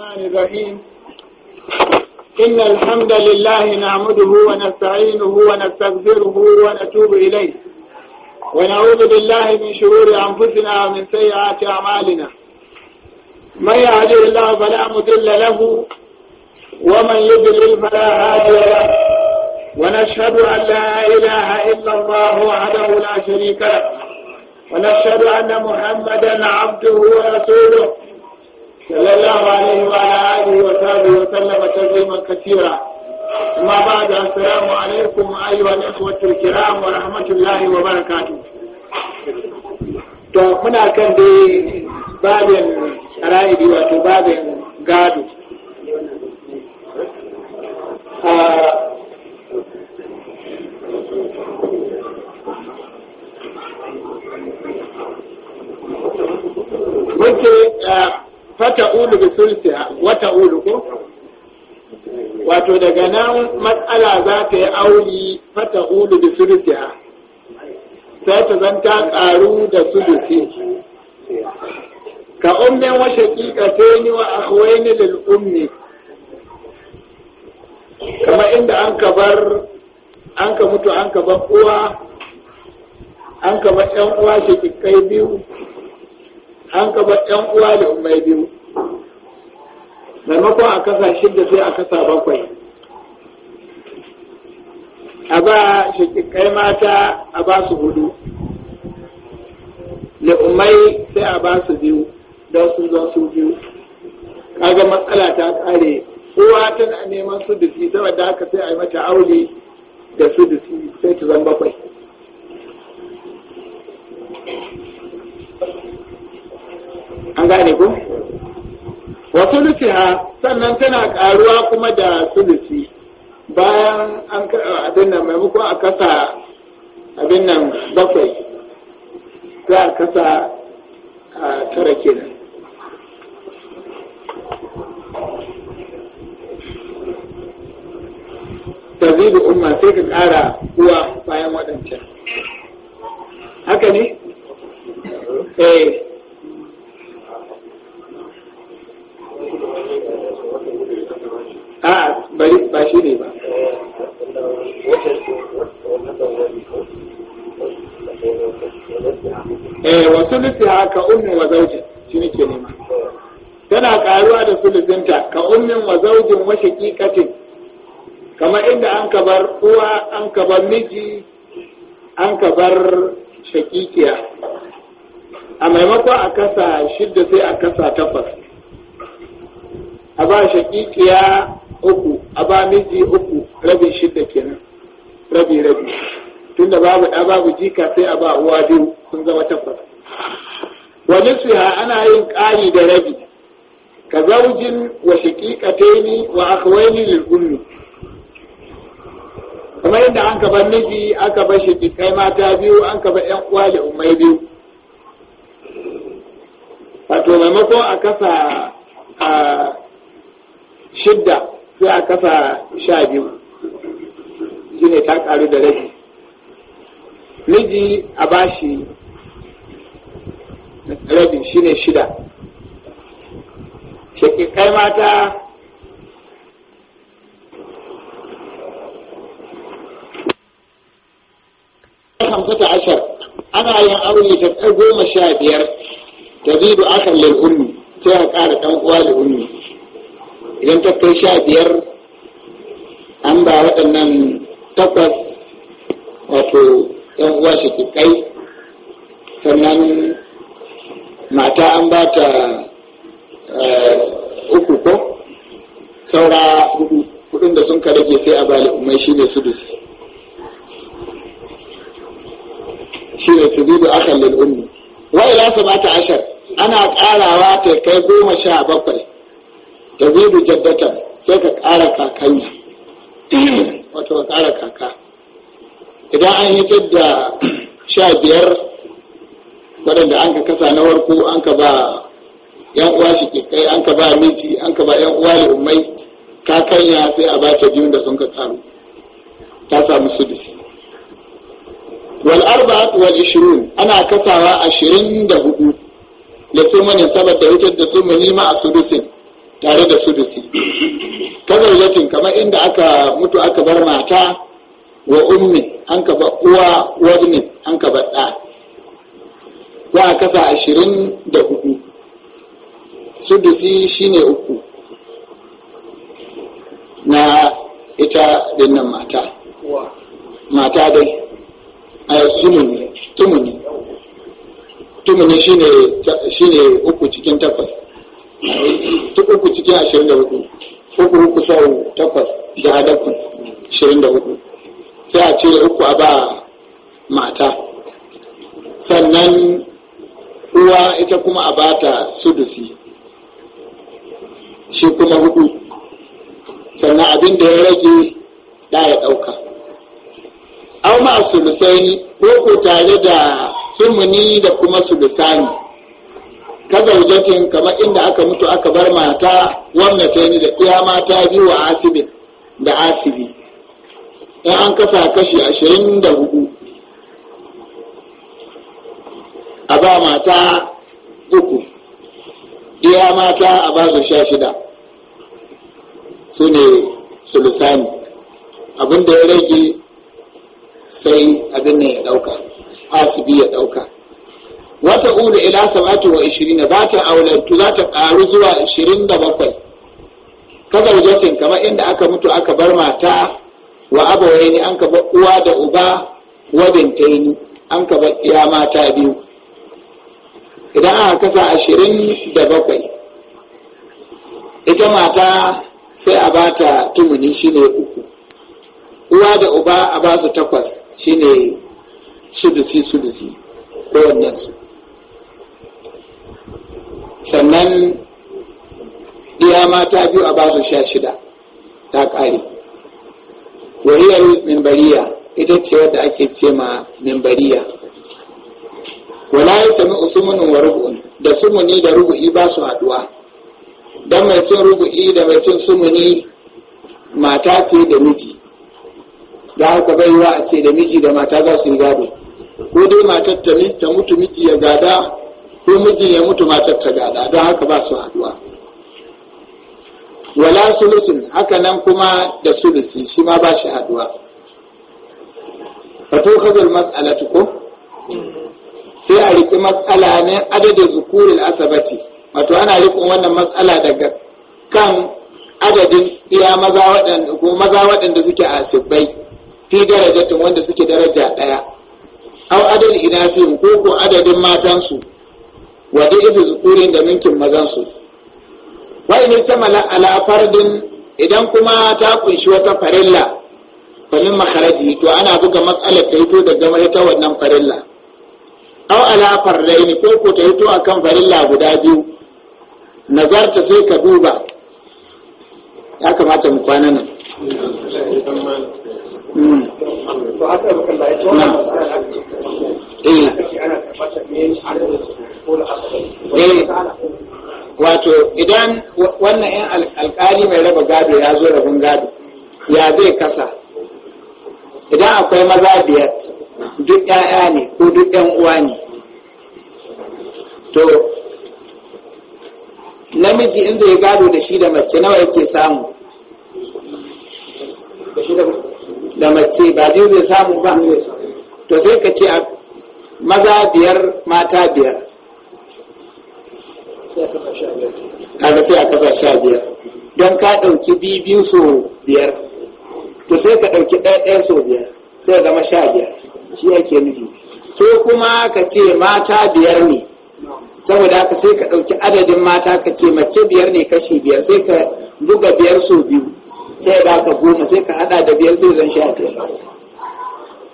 الرحمن الرحيم إن الحمد لله نعمده ونستعينه ونستغفره ونتوب إليه ونعوذ بالله من شرور أنفسنا ومن سيئات أعمالنا من يهده الله فلا مضل له ومن يضلل فلا هادي له ونشهد أن لا إله إلا الله وحده لا شريك له ونشهد أن محمدا عبده ورسوله sallallahu alaihi wa alihi wa sahbihi wa sallama katira wa kan fata'ulu bi sulsiha wa ta'ulu ko wato daga nan matsala za ta yi auri fata'ulu bi sulsiha sai ta zan ta karu da sulusi ka ummin wa shaqiqatayn wa akhwayn lil ummi kamar inda an ka bar an ka mutu an ka bar uwa an ka bar yan uwa shaqiqai biyu an kaba yan uwa da umai biyu maimakon a kasa shida sai a kasa bakwai a ba shakikai mata a ba su hudu da umai sai a ba su biyu don su zo su biyu kaga matsala ta kare uwa tana neman su da si saboda haka sai a yi mata aure da su da si sai ta zan bakwai an gane ko wa ha sannan tana karuwa kuma da sulusi bayan an abin nan maimakon a kasa abin nan bakwai za a kasa a tara kenan umma sai ka kara uwa bayan waɗancan haka ne eh. bari ba shi ne ba eh wa sulusi ka ummi wa zaujin shi ne ke nema tana karuwa da sulusinta ka ummin wa zaujin wa shaqiqatin kamar inda an kabar uwa an kabar miji an kabar shakikiya a maimakon a kasa shidda sai a kasa takwas a ba shakikiya uku a ba miji uku rabin shidda kenan rabi rabi tunda babu ɗa babu jika sai a ba uwa biyu sun zama takwas wani siya ana yin ƙari da rabi ka zaujin wa shaƙiƙataini wa akwaini lil ummi kamar yadda an kaba miji kaba ba kai mata biyu an kaba ƴan uwa da umai biyu wato maimako a kasa a shidda sai a kasa sha biyu shi ne ta karu da rabi miji a bashi rabi shi ne shida shakikai mata ta ashar ana yin aure ta goma sha biyar ta bi akan lil ummi sai a ƙara ɗan uwa da ummi idan ta kai sha biyar an ba waɗannan takwas wato yan uwa kai sannan mata an ba ta eh, uku ko saura hudu hudun da sun ka rage sai a bali umai shi ne sudusi shi ne tuzibu akan lil ummi wa ila ta ashar ana karawa ta kai goma sha da zidu jaddatan sai ka ƙara kakanya wato ka ƙara kaka idan an yi da sha biyar waɗanda an ka kasa na warko an ka ba yan uwa shi kai an ka ba miji an ka ba yan uwa da umai kakanya sai a bata biyun da sun ka karu ta samu sudusi wal arba'at wal ishrun ana kasawa ashirin da hudu da sumanin saboda hitar da sumani ma a sudusin tare da sudusi kazaujatin kamar inda aka mutu aka bar mata wa ummi an ka bar uwa wa an ka bar ɗa za a kasa ashirin da hudu sudusi shine uku na ita dinnan mata mata dai a tumuni tumuni tumuni shine uku cikin takwas cikin ashirin da hudu uku uku sau takwas jihadakun ashirin da hudu sai a cire uku a ba mata sannan uwa ita kuma a bata sudusi shi kuma hudu sannan abin da ya rage da ya dauka auma sulusai ko ko tare da sumuni da kuma sulusani zaujatin kamar inda aka mutu aka bar mata wannan ta da iya mata biyu wa asibin da asibi in an kasa kashi ashirin da hudu a ba mata uku iya mata a ba su sha shida su ne sulusani abinda ya rage ishirina za ta aulantu za ta ƙaru zuwa ashirin da bakwai kazar jatin kamar inda aka mutu aka bar mata wa abawai ne an kaba uwa da uba ni, an kaba ya mata biyu idan aka kasa ashirin da bakwai ita mata sai a ba ta tumuni shine uku uwa da uba a ba su takwas ne sudusi sudusi kowannensu sannan ɗiya mata biyu a basu sha shida ta ƙare wahiyar mimbariya ita ce wadda ake ce ma mimbariya wala ya tami usumunin wa rubu'un da sumuni da rubu'i ba su haɗuwa don mai cin rubu'i da mai cin sumuni mata ce da miji da haka bai wa a ce da miji da mata za su yi gado ko dai matar ta mutu miji ya gada ko miji ya mutu matar ta gada don haka ba su haduwa wala sulusin haka nan kuma da sulusi shi ma ba shi haduwa fato kabar matsala ko sai a riki matsala ne adadin zukurin asabati wato ana riƙon wannan matsala daga kan adadin iya maza waɗanda ko maza waɗanda suke asibbai fi darajatin wanda suke daraja ɗaya au adadin ina ko ko adadin matansu wa ibi zukurin da minkin mazansu wa in tamala ala fardin idan kuma ta kunshi wata farilla famin makaraji to ana buga matsalar ta hito daga ta wannan farilla aw ala fardaini ko ko ta hito akan farilla guda biyu nazarta sai ka duba ya kamata mu kwana nan hmm. to Eh, wato idan wannan yan alkali mai raba gado ya zo rabin gado ya zai kasa idan akwai maza biyar duk ya'ya ne ko duk yan uwa ne to namiji in zai gado da shi da mace nawa yake samu da mace ba zai zai samu ba to sai ka ce maza biyar mata biyar kaga sai a kasa sha biyar don ka ɗauki biyu so biyar to sai ka ɗauki ɗaya so biyar sai zama sha biyar shi ake nufi ko kuma ka ce mata biyar ne saboda haka sai ka ɗauki adadin mata ka ce mace biyar ne kashi biyar sai ka buga biyar so biyu sai ba ka goma sai ka hada da biyar zai zan sha biyar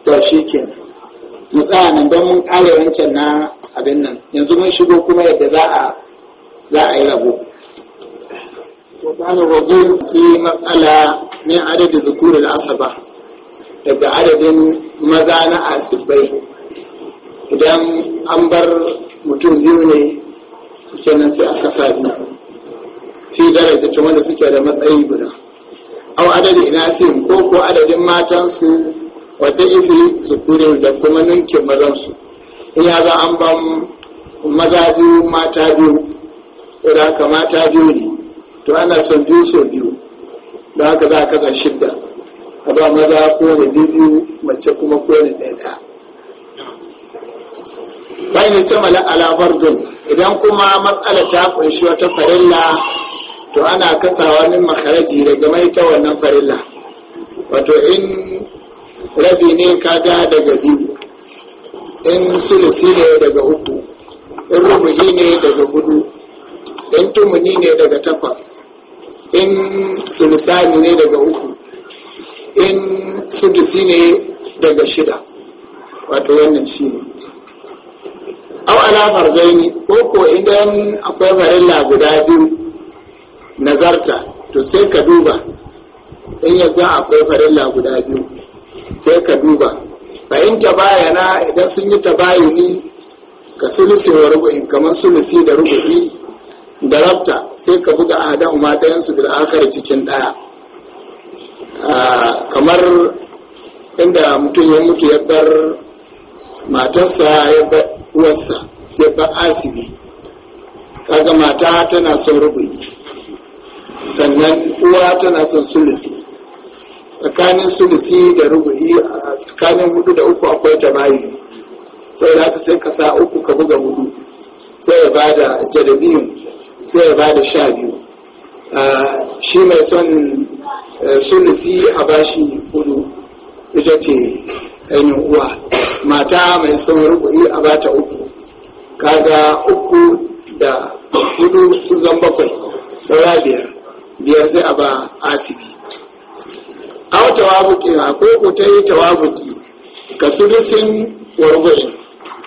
to shi kenan mu tsaya nan don mun kare wancan na abin nan yanzu mun shigo kuma yadda za a za a yi rabo wani rabo ki matsala min adadin zukurin asaba daga adadin maza na asibai idan an bar mutum biyu ne kenan sai aka sa biyu fi daraja wanda suke da matsayi guda au adadin sin ko ko adadin matansu wata ifi zukurin da kuma ninkin mazansu in za an ban maza biyu mata biyu da haka mata biyu ne to ana son biyu so biyu da haka za a kasa shidda a ba maza kowane biyu mace kuma kowane ɗaya ɗaya bayan ta mala ala don idan kuma matsala ta kunshi wata farilla to ana kasa wani makaraji daga mai ta wannan farilla wato in rabi ne kaga daga biyu in sulusi ne daga uku in rubuji ne daga hudu in tumuni ne daga takwas in sulusani ne daga uku in sudusi ne daga shida wato wannan shi ne au ala fardaini ko ko idan akwai farilla guda biyu nazarta to sai ka duba in yanzu akwai farilla guda biyu sai ka duba in ta bayana idan sun yi ta bayani ka sulusi wa rubu'in kamar sulusi da rubu'i rafta sai ka buga ahadahu ma ɗayan su bil akhar cikin ɗaya ah, kamar inda mutum ya mutu ya bar matarsa ya bar uwarsa ya bar asibi kaga mata tana son rubuyi sannan uwa tana son sulusi tsakanin sulusi da rubuyi a tsakanin hudu da uku akwai tabayi da haka sai ka sa uku ka buga hudu sai ya bada jadabiyun sai ba da sha biyu shi mai son eh, sulusi a bashi hudu ita ce ainihin uwa mata mai son rubu'i a bata uku kaga uku da hudu sun zan bakwai saura biyar biyar sai a ba asibi au tawabuki na ko ku ta yi tawabuki ka sulusin wa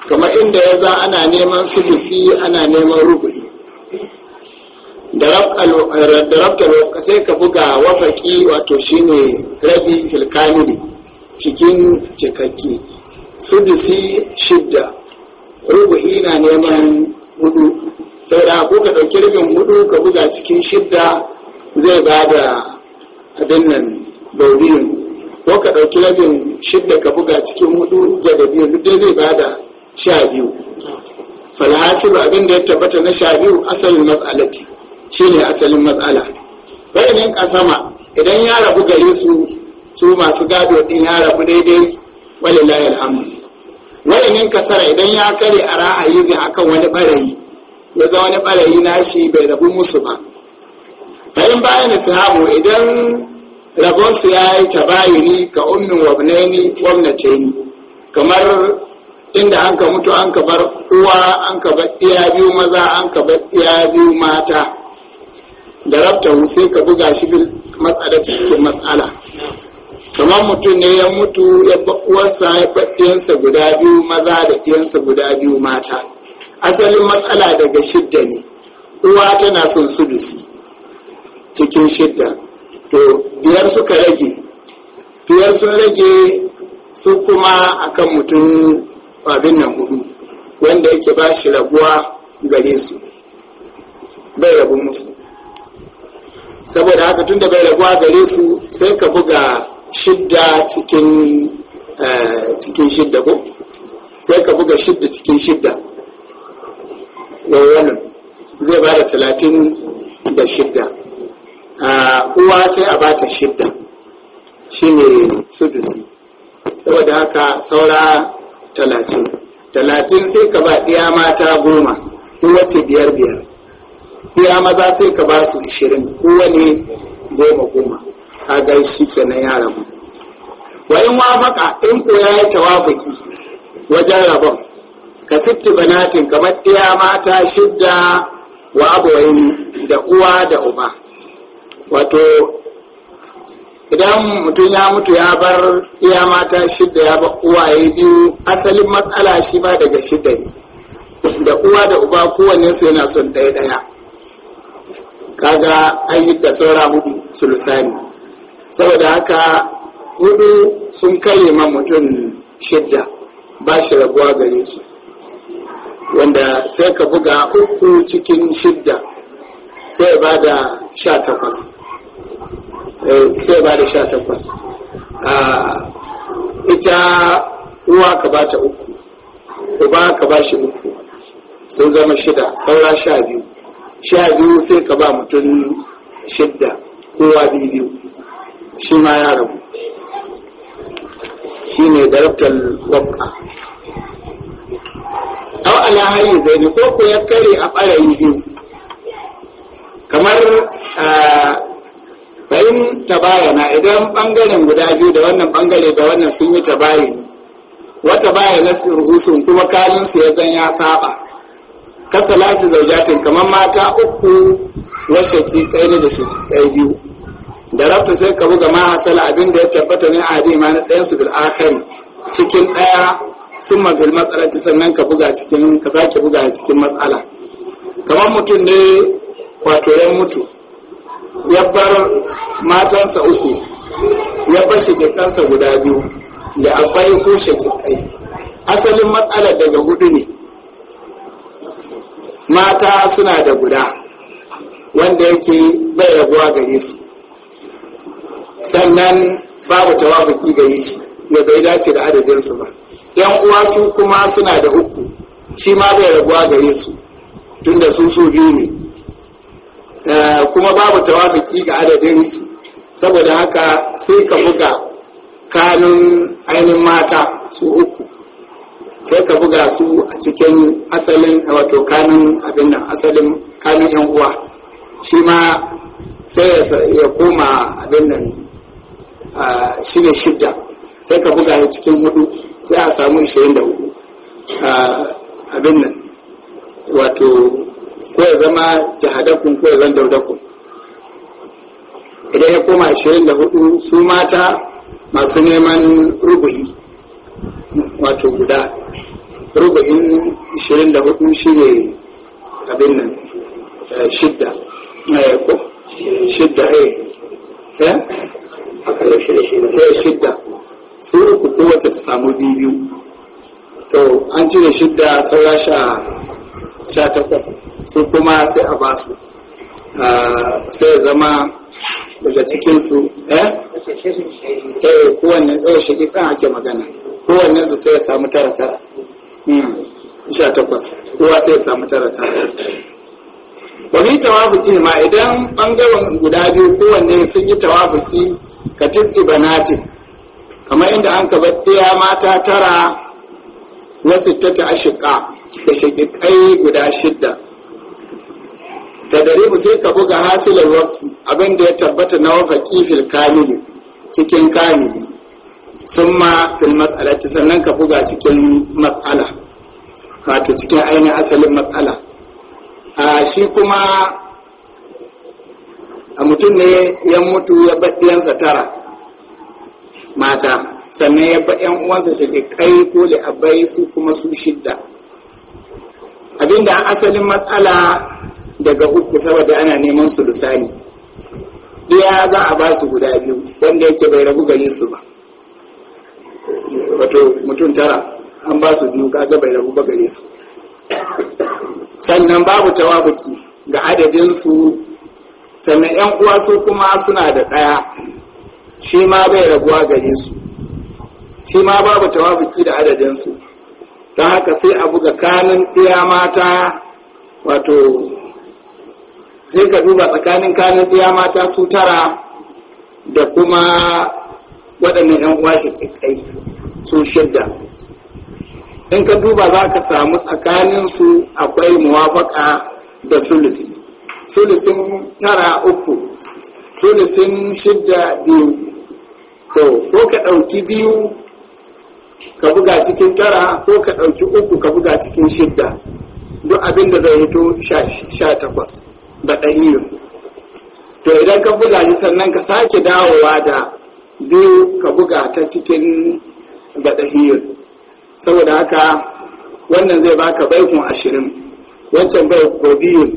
Kama inda ya za ana neman sulusi ana neman rubu'i da rabta eh, sai ka buga wafaki wato shine rabi hilkamili cikin cikakki sudusi shidda rubu'i na neman hudu saboda ko ka ɗauki rabin hudu ka buga cikin shidda zai ba da abin nan baudin ko ka ɗauki rabin shidda ka buga cikin hudu jadabi duk dai zai ba da sha biyu falhasilu abin da ya tabbata na sha biyu asalin matsalati Shi ne asalin matsala bayanin kasama idan ya rabu gare su su masu gado din ya rabu daidai walilahi alhamdu wayanin kasara idan ya kare a ra'ayi zai akan wani barayi ya zama wani barayi na shi bai rabu musu ba bayan bayan sahabu idan rabonsu ya yi tabayuni ka ummin wabnaini ni, kamar inda an ka mutu an ka bar uwa an ka bar iya biyu maza an ka bar iya biyu mata darabtahu sai ka buga shi bil matsala cikin matsala kamar mutum ne ya mutu ya uwarsa ya ɗiyansa guda biyu maza da ɗiyansa guda biyu mata asalin matsala daga shidda ne uwa tana son bisi cikin shidda to biyar suka rage biyar sun rage su kuma akan mutum abin nan hudu wanda yake ba shi raguwa gare su bai rabu musu saboda haka tunda bai raguwa gare su sai ka buga shidda cikin eh, cikin shidda ko sai ka buga shidda cikin shidda eh, wannan zai ba da talatin da shidda ah, uwa sai a bata shidda shine sudusi saboda haka saura talatin talatin sai ka ba ɗaya mata goma ko wace biyar biyar iya maza sai ka ba su ishirin kowane goma goma ka ga shi kenan ya rabu wa in wafaka in ko ya yi tawafaki wajen rabon ka sifti banatin kamar iya mata shidda wa abuwaini da uwa da uba wato idan mutum ya mutu ya bar iya mata shidda ya bar uwaye biyu asalin matsala shi ba daga shidda ne da uwa da uba kowanne su yana son ɗaya ɗaya kaga an yi da saura hudu sulusani saboda haka hudu sun kare ma mutum shidda ba shi rabuwa gare su wanda sai ka buga uku cikin shidda sai ba da sha takwas eh, sai ba da sha takwas ah, ita uwa ka ba ta uku uba ka ba shi uku sun zama shida saura sha biyu sha biyu sai ka ba mutum shidda kowa biyu shi ma ya rabu shi ne daraktar wanka au ala zai ne ko ku ya kare a ɓarayi biyu kamar bayin tabayana idan ɓangaren guda biyu da wannan ɓangare da wannan sun yi tabayani wata bayana ruhusun kuma kalinsu ya zan ya saba kasalasi zaujatin kamar mata uku wasu kai ne da kai biyu da rafta sai ka buga ma hasala abin da ya tabbata ne a hadi ma ɗayan su bil akhari cikin ɗaya sun matsala matsalati sannan ka buga cikin ka sake buga cikin matsala kamar mutum ne wato ya mutu ya bar matansa uku ya bar shakikansa guda biyu da akwai ko shakikai asalin matsala daga hudu ne mata suna da guda wanda yake bai rabuwa gare su sannan babu tawafuki gare shi ya bai dace da adadinsu ba yan uwa su kuma suna da uku shi ma bai rabuwa gare su tunda su su biyu ne eh, kuma babu tawafuki ga adadinsu saboda haka sai ka buga kanun ainihin mata su cikin asalin wato kanun abin nan asalin kanun yan uwa shi ma sai ya koma abin nan shi ne shidda sai ka buga ya cikin hudu sai a samu 24 abin nan wato ko ya zama jihadakun ko ya zan daudakun idan ya koma 24 su mata masu neman rubu'i wato guda rubu'in 24 shi ne abin nan eh, shidda eh, ko shidda eh. eh eh shidda su uku kowace ta samu biyu to an cire shidda saura sha takwas su kuma sai a basu ah, sai zama daga cikinsu eh kowanne shidda kan ake magana kowanne su sai ya samu tara tara sha takwas kowa sai samu tara tara ba yi tawafuki ma idan bangaren guda biyu kowanne sun yi tawafiki ka tiski banati kamar inda an kaba ɗaya mata tara na ta ta ashika da shakikai guda shidda ta dare sai ka buga hasilar abin abinda ya tabbata na wafa kifil kamili cikin kamili sun ma fil matsalati sannan ka buga cikin matsala wato cikin ainihin asalin matsala a shi kuma a mutum ne ya mutu ya baɗiyansa tara mata sannan ya 'yan uwansa kai, ko abai su kuma su shidda abinda asalin matsala daga uku saboda ana neman su lusani ɗaya za a ba su guda biyu wanda yake bai ragu gare su ba wato mutum tara an ba su biyu kaga bai rabu ba gare su sannan babu tawafuki ga adadin su sannan yan uwa su kuma suna da ɗaya shi ma bai rabuwa gare su shi ma babu tawafuki da adadin su don haka sai a buga kanin ɗaya mata wato sai ka duba tsakanin kanin ɗaya mata su tara da kuma waɗannan 'yan uwa shi ƙaiƙai su shidda in ka duba za ka samu tsakaninsu akwai muwafaka da sulusi sulisin tara uku sulisin shidda biyu to ko ka ɗauki biyu ka buga cikin tara ko ka ɗauki uku ka buga cikin shidda duk abin da zai hito sha takwas da ɗahiyun to idan ka buga shi sannan ka sake dawowa da biyu ka buga ta cikin da ɗahiyun saboda haka wannan zai baka baikun ashirin wancan bai biyun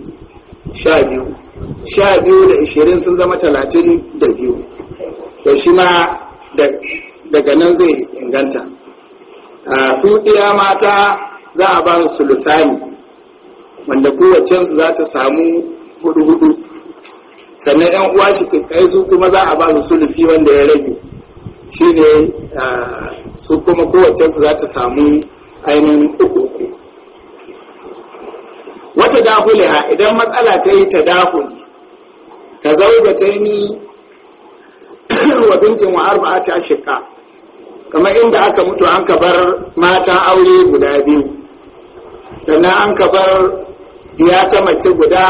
sha biyu sha biyu da ashirin sun zama talatin da biyu da shi ma daga nan zai inganta su ɗiya mata za a ba su lusani wanda kowacensu za ta samu hudu-hudu sannan yan uwa shi kai su kuma za a ba su sulusi wanda ya rage shi ne su kuma kowace su za ta samu ainihin uku uku wata ha idan matsala ta yi ta dahuli ta zauja ta ni wa bintin wa arba'a ta shika kamar inda aka mutu an ka bar matan aure guda biyu sannan an ka bar ya ta mace guda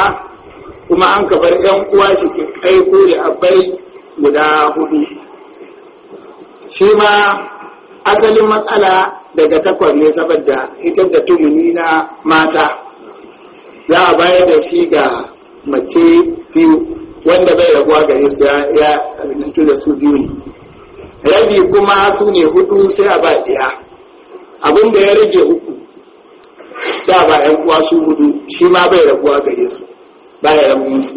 kuma an ka bar yan uwa shi kai kore abai guda hudu shi ma asalin matsala daga takwas ne saboda ita da tumuni na mata za a bayar da shi ga mace biyu wanda bai raguwa gare su ya abinantu da su biyu ne rabi kuma su ne hudu sai a ba ɗaya abin da ya rage uku sai a ba yan uwa su hudu shi ma bai raguwa gare su ba ya rabu musu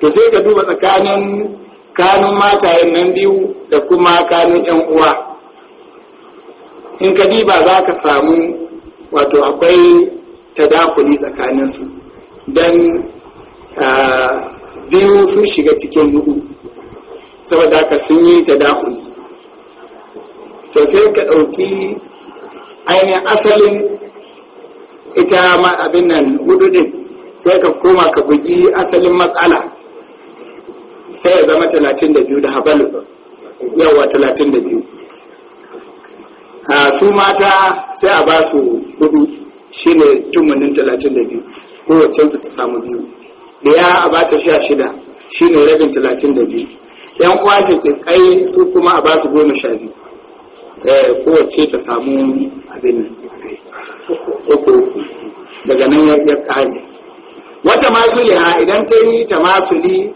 to sai ka duba tsakanin kanun matayen nan biyu da kuma kanun yan uwa in ka diba za ka samu wato akwai tadakuli tsakaninsu don biyu sun shiga cikin nudu saboda ka sun yi tadakuli to sai ka ɗauki ainihin asalin ita ma abin nan hudu din sai ka koma ka bugi asalin matsala sai ya zama 32 da habalu yawa 32 su mata sai a ba su hudu shine tumanin talatin da biyu kowace su ta samu biyu da ya a ba ta sha shida shine rabin talatin da biyu yan uwa shi kai su kuma a ba su goma sha biyu eh, kowace ta samu abin uku uku daga nan ya kare wata masuli liha idan ta yi ta masuli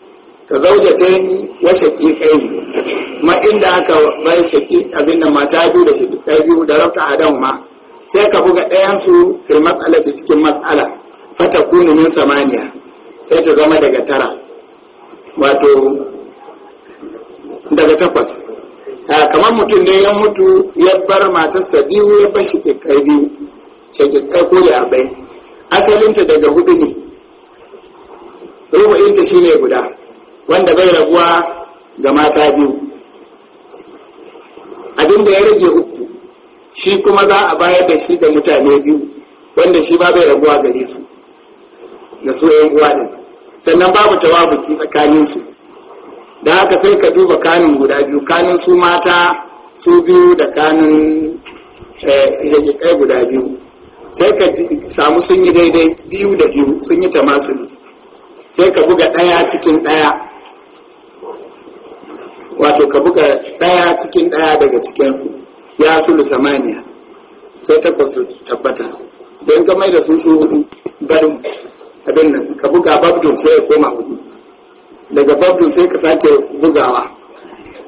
ka zauja ta yi wa shaƙiƙai ma inda aka bai shaƙi abin da mata biyu da shaƙiƙai biyu da rabta adam ma sai ka buga ɗayansu fil ta cikin matsala. fata kunu min samaniya sai ta zama daga tara wato daga takwas kamar mutum ne ya mutu ya bar matarsa biyu ya bar shaƙiƙai biyu shaƙiƙai ko ya arba'in asalinta daga hudu ne rubu'inta shine guda wanda bai raguwa ga mata biyu abin da ya rage uku shi kuma za a bayar da shi ga mutane biyu wanda shi ba bai raguwa gare su da su yan uwa ne sannan babu tawafuki tsakanin su da haka sai ka duba kanin guda biyu kanin su mata su biyu da kanin eh, guda biyu sai ka samu sun yi daidai biyu da biyu sun yi tamasuli sai ka buga ɗaya cikin ɗaya wato ka buga ɗaya cikin ɗaya daga cikinsu ya sulu samaniya sai takwas su tabbata don ka mai da su su hudu barin abin nan ka buga babdun sai ya koma hudu daga babdun sai ka sake bugawa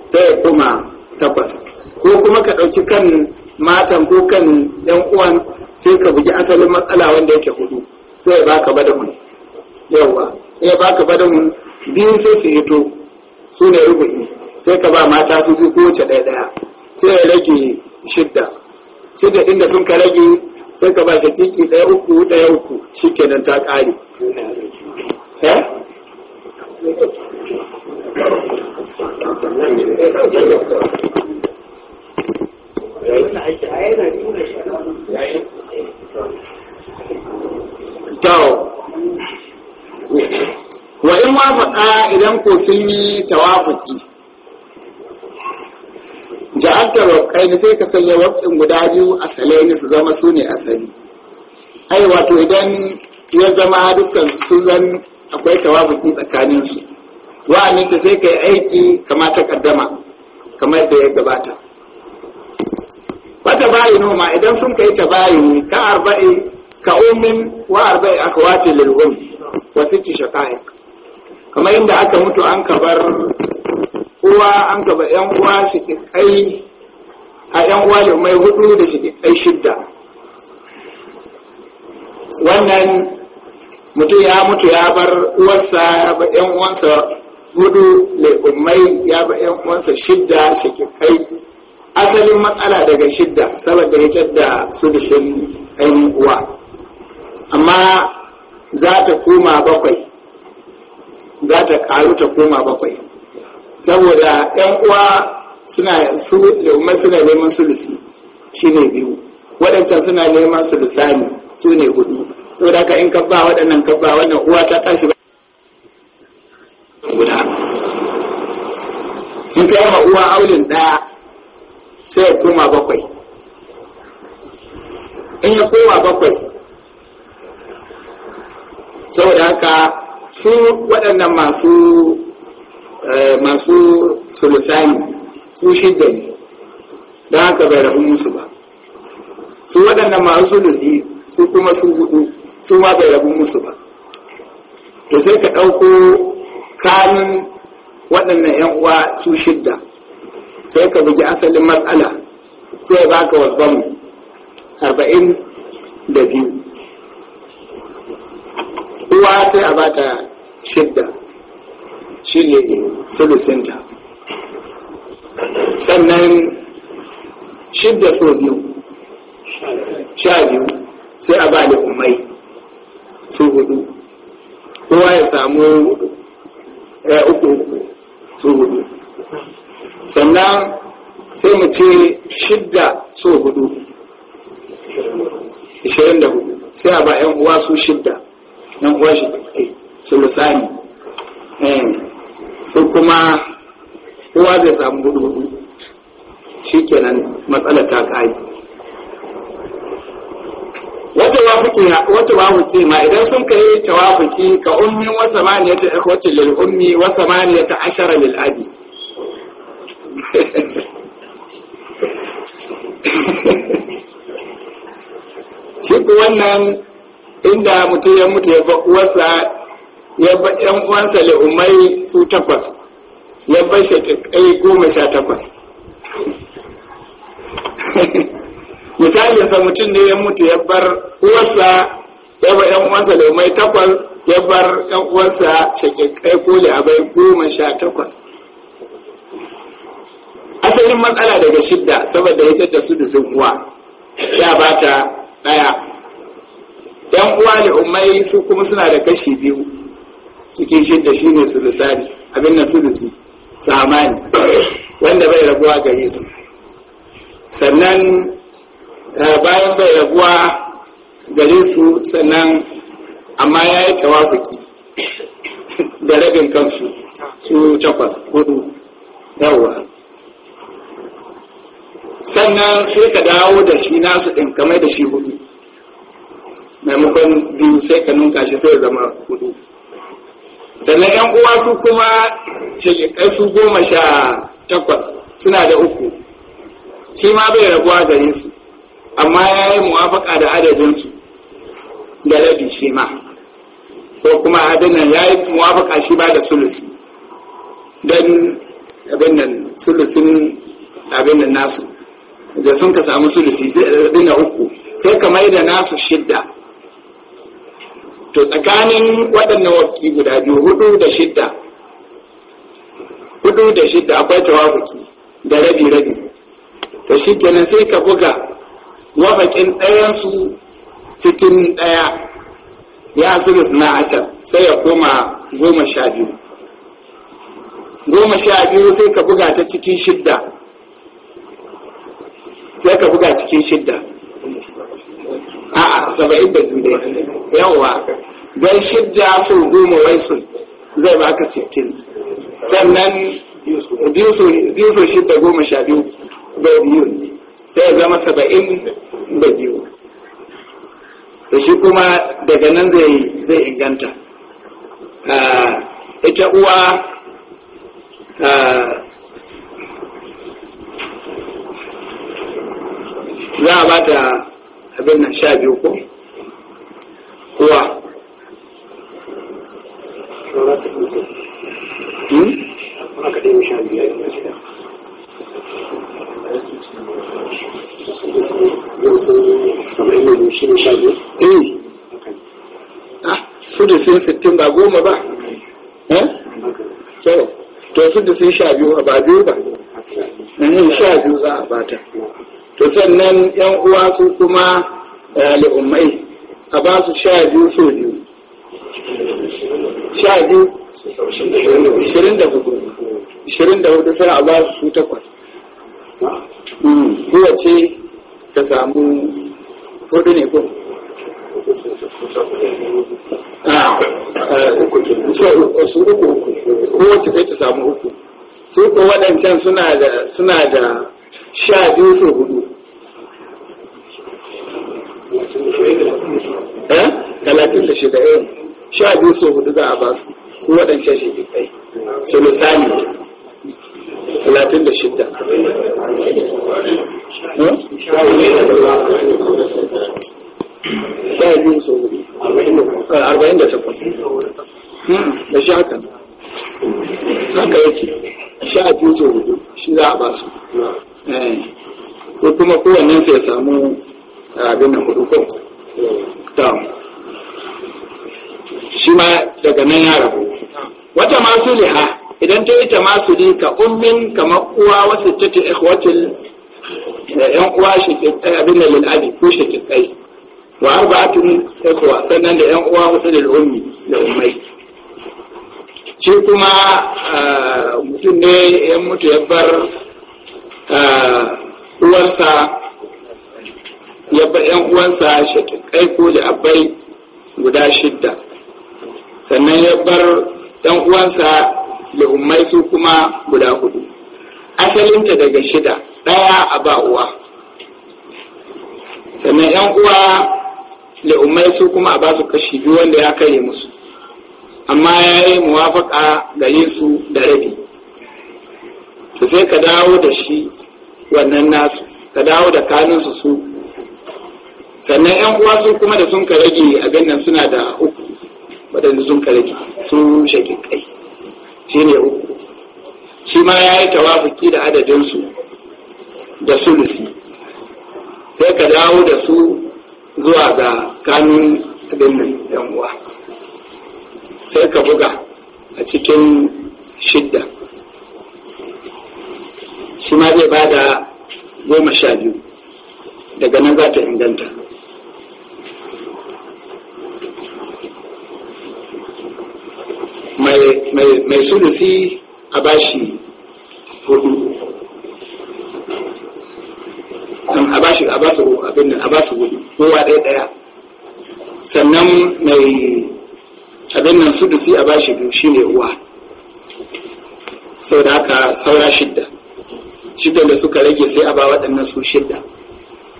sai ya koma takwas ko kuma ka ɗauki kan matan ko kan yan uwan sai ka bugi asalin matsala wanda yake hudu sai ya baka badahun yawa ya baka badahun biyu sai su hito su ne rubu'i sai ka ba mata su biyu kowace ɗaya ɗaya sai ya rage shidda shidda ɗin da sun ka rage sai ka ba shakiki ɗaya uku ɗaya uku shi kenan ta ƙare eh? wa in wafaƙa idan ko sun yi tawafuki salaini sai ka sanya wakin guda biyu a salaini su zama su ne asali ai wato idan ya zama dukkan su zan akwai tawafuki tsakanin su wa aminta sai ka yi aiki kamar ta kaddama kamar da ya gabata wata bayi noma idan sun kai ta ne ka arba'i ka umin wa arba'i aka wata um wa sitti shaqaiq kamar inda aka mutu an kabar uwa an kabar yan uwa kai a yan uwa mai hudu da shidda wannan mutum ya mutu ya bar uwarsa ya ba yan uwansa hudu laifin ya ba yan uwansa shidda shakikai asalin matsala daga shidda saboda hitar da su sulishin ɗan uwa amma za ta koma bakwai za ta karu ta koma bakwai saboda yan uwa suna su umar suna neman sulusi ne biyu waɗancan suna neman ne su ne hudu saboda haka in kabba waɗannan kabba wannan uwa ta tashi ba guda in ka ma uwa aulin ɗaya sai ya koma bakwai in ya koma bakwai saboda haka su waɗannan masu eh, masu sulusani su shidda ne da haka bai rabu musu ba su waɗannan masu sulusi su kuma su hudu su ma bai rabu musu ba to sai ka ɗauko kanun waɗannan 'yan uwa su shidda sai ka bugi asalin matsala sai ba ka wasbamu arba'in da biyu uwa sai a bata shidda shi ne sulusinta sannan shidda so biyu sha biyu sai a ba da umai su hudu kowa ya samu ya eh, uku uku su hudu sannan sai mu ce shidda so hudu 24 sai a ba 'yan uwa su shidda yan uwa shi kai eh, su lusani eh, su kuma wata ma idan sun kai tawahuki ka ummi wa ta ikhwati lil ummi wa samaniyata ashara lil abi shi ku wannan inda mutum ya mutu ya ba uwarsa ya ba yan uwansa li ummai su takwas ya ba shi kai goma sha takwas mutum ne ya mutu ya bar uwarsa ya yan uwansa mai takwas ya bar yan uwansa kai koli a bai goma sha takwas asalin matsala daga shidda saboda ya da su da sun uwa ya ba ta ɗaya yan uwa umai su kuma suna da kashi biyu cikin shidda shi shine sulusani abin da sulusi samani wanda bai rabuwa gare su sannan eh, bayan bai rabuwa gare su sannan amma ya yi tawafiki da rabin kansu su takwas hudu yawwa sannan sai ka dawo da shi nasu ɗin kamar da shi hudu maimakon biyu sai ka nunka shi sai zama hudu sannan yan uwa su kuma shakikai su goma sha takwas suna da uku shi ma bai rabuwa gare su amma ya yi muwafaka da adadinsu da rabi shi ma ko kuma hadinan ya yi muwafaka shi ba da sulusi don abin nan sulusin abin nan nasu da sun ka samu sulusi zai na uku sai ka mai da nasu shidda to tsakanin waɗannan wakki guda biyu hudu da shidda hudu da shidda akwai tawafuki da rabi rabi to shi kenan sai ka buga wafakin ɗayansu cikin ɗaya ya sulus na ashar sai ya koma goma sha biyu goma sha biyu sai ka buga ta cikin shidda sai ka buga cikin shidda a'a saba'in da biyu ne yawa don shidda sau goma wai sun zai baka sittin sannan biyu sau shidda goma sha biyu bai biyu ne sai ya zama saba'in da biyu shi kuma daga nan zai inganta ah, ita uwa ah, za a bata abin nan sha biyu ko cikin sittin ba goma ba eh? to to su da sun sha biyu ba biyu ba sha biyu za a bata to sannan yan uwa su kuma eh, al'ummai a ba su sha biyu so biyu sha biyu shirin da hudu shirin da hudu sai a ba su takwas hmm, kowace ta samu hudu ne ko su uku uku kowace sai ta samu uku su ko waɗancan suna da suna da sha biyu su hudu eh talatin da shida eh sha biyu su hudu za a ba su su waɗancan shi ɗai su misali talatin da shida Huh? sha biyu sau arba'in da takwas da shi haka haka yake sha biyu sau hudu shi za a basu sai kuma kowannen ya samu abin nan hudu ko ta shi ma daga nan ya rabu wata masu liha idan ta yi ta masu li ka ummin kamar uwa wasu ta ta ikwatul yan uwa shi ke abin da lil'abi ko shi ke kai wa arba'atun ikhwa sannan da yan uwa hudu da ummi da ummai shi kuma ah, mutum ne ya mutu ya bar ah, uwarsa ya bar yan uwansa shakikai ko da abai guda shidda sannan ya bar yan uwansa da ummai su kuma guda hudu asalinta daga shida ɗaya a ba uwa sannan yan uwa umai su kuma a basu kashi biyu wanda ya kare musu amma ya yi muwafaka gare su da rabi to sai ka dawo da shi wannan nasu ka dawo da kanunsu su sannan yan uwa su kuma da sun ka rage a ganin suna da uku waɗanda sun ka rage shaƙi kai shi ne uku shi ma ya yi tawafiki da adadinsu da sulusi sai ka dawo da su zuwa ga kanun abin nan yan uwa sai ka buga a cikin shidda shi ma zai bada goma sha biyu daga nan za ta inganta mai sulusi a bashi hudu abin nan su dusi a bashi biyu shi ne uwa sau da haka saura shidda shidda da suka rage sai a ba waɗannan su shidda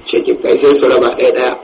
shekin sai su raba ɗaya ɗaya